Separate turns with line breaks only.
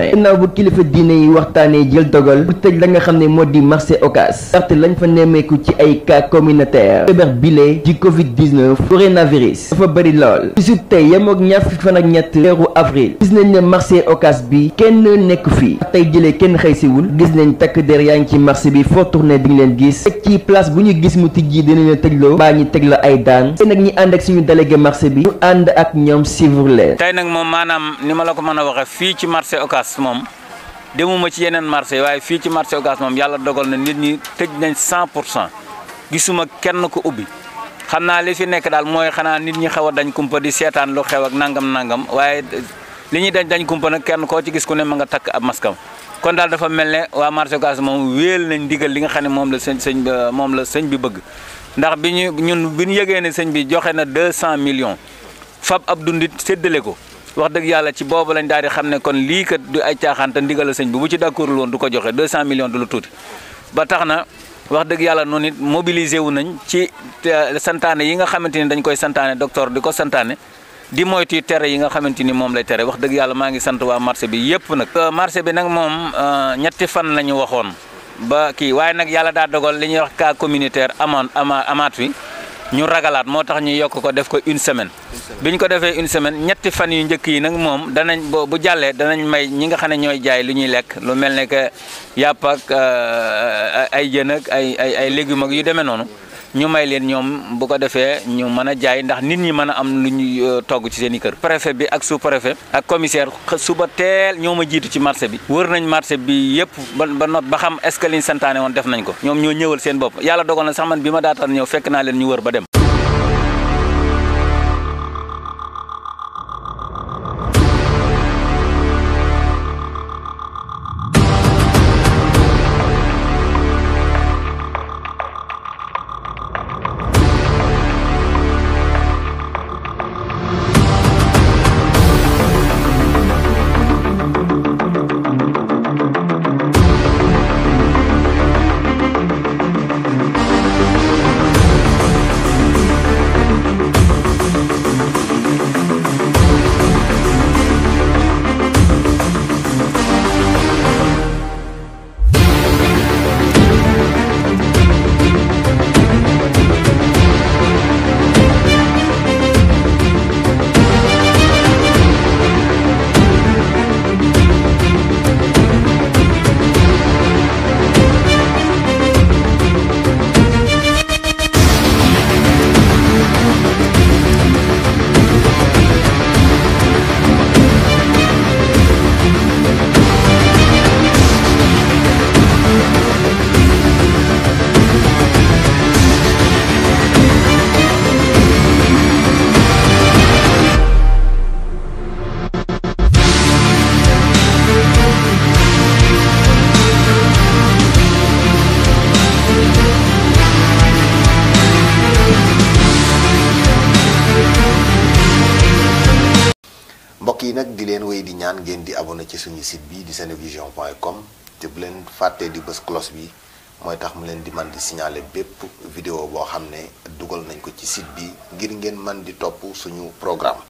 ginnaaw bu kilifa diine yi waxtaanee jël dogal bu tëj la nga xam ne moo di marché Ocass ndaxte lañ fa nemmeeku ci ay cas communautaire feebar bile di covid-19 coronavirus dafa bëri lool bisub tey yemook ñaar fukki fan ak ñett weeru avril gis nañ ne marché Ocass bi kenn nekk fii tey jëlee kenn xëysiwul gis nañ takk der yaa ngi ci marché bi foo tourné di nga leen gis teg ci place bu ñu gis mu tijji dinañ la tëjloo baa ñi teg la ay daan te nag ñi ànd ak suñu délégué marché bi ànd ak ñoom suivre leen
tey nag maanaam ni ma la mën a waxee fii ci marché Ocass Ocass moom demuma ci yeneen marché waaye fii ci marché Ocass moom yàlla dogal na nit ñi tëj nañ 100 pour cent gisuma kenn ko ubbi xam naa li fi nekk daal mooy xanaa nit ñi xaw a dañ kumpa di seetaan lu xew ak nangam nangam waaye li ñuy dañ dañ kumpa na kenn koo ci gis ku ne ma nga takk ab maskam kon daal dafa mel ne waa marché Ocass moom wéel nañ ndigal li nga xam ne moom la sëñ sëñ moom la sëñ bi bëgg ndax bi ñu ñun bi ñu yëgee ne sëñ bi joxe na 200 millions fab ab dundit séddale ko wax dëgg yàlla ci boobu lañ daal di xam ne kon lii kat du ay caaxaan te ndigalu sëñ bi bu ci d'accord woon du ko joxe 200 millions du lu tuuti ba tax na wax dëgg yàlla noonu it mobilisé wu nañ ci euh, santaane yi nga xamante ni dañ koy santaane docteur di ko santaane di moytu tere yi nga xamante ni moom lay tere wax dëgg yàlla maa ngi sant waa marché bi yépp nag. Euh, marché bi nag moom euh, ñetti fan la ñu waxoon ba kii waaye nag yàlla daa dogal li ñuy wax kaa communautaire amoon ama amaat wi ñu ragalaat moo tax ñu yokk ko def ko une semaine biñ ko defee une semaine ñetti fan yu njëkk yi nag moom danañ boo bu jàllee danañ may ñi nga xam ne ñooy jaay lu ñuy lekk lu mel ne que yàpp ak euh, ay jën ak ay ay ay légumes ak yu demee noonu ñu may leen ñoom bu ko defee ñu mën a jaay ndax nit ñi mën a am lu ñuy euh, togg ci seen i kër préfet bi ak sous préfet ak commissaire suba teel ñoo ma jiitu ci marché bi wër nañ marché bi yëpp ba ba not ba xam est-ce woon def nañ ko ñoom ñoo ñëwal seen bopp yàlla dogal a sax man bi ma daataan ñëw fekk naa leen ñu wër ba dem
mbokk yi nag di leen wéy di ñaan ngeen di abonné ci suñu site bi di senevision.com te bu leen fàttee di bës cloche bi mooy tax mu leen di man di signaler bépp vidéo boo xam ne dugal nañ ko ci site bi ngir ngeen man di topp suñu programme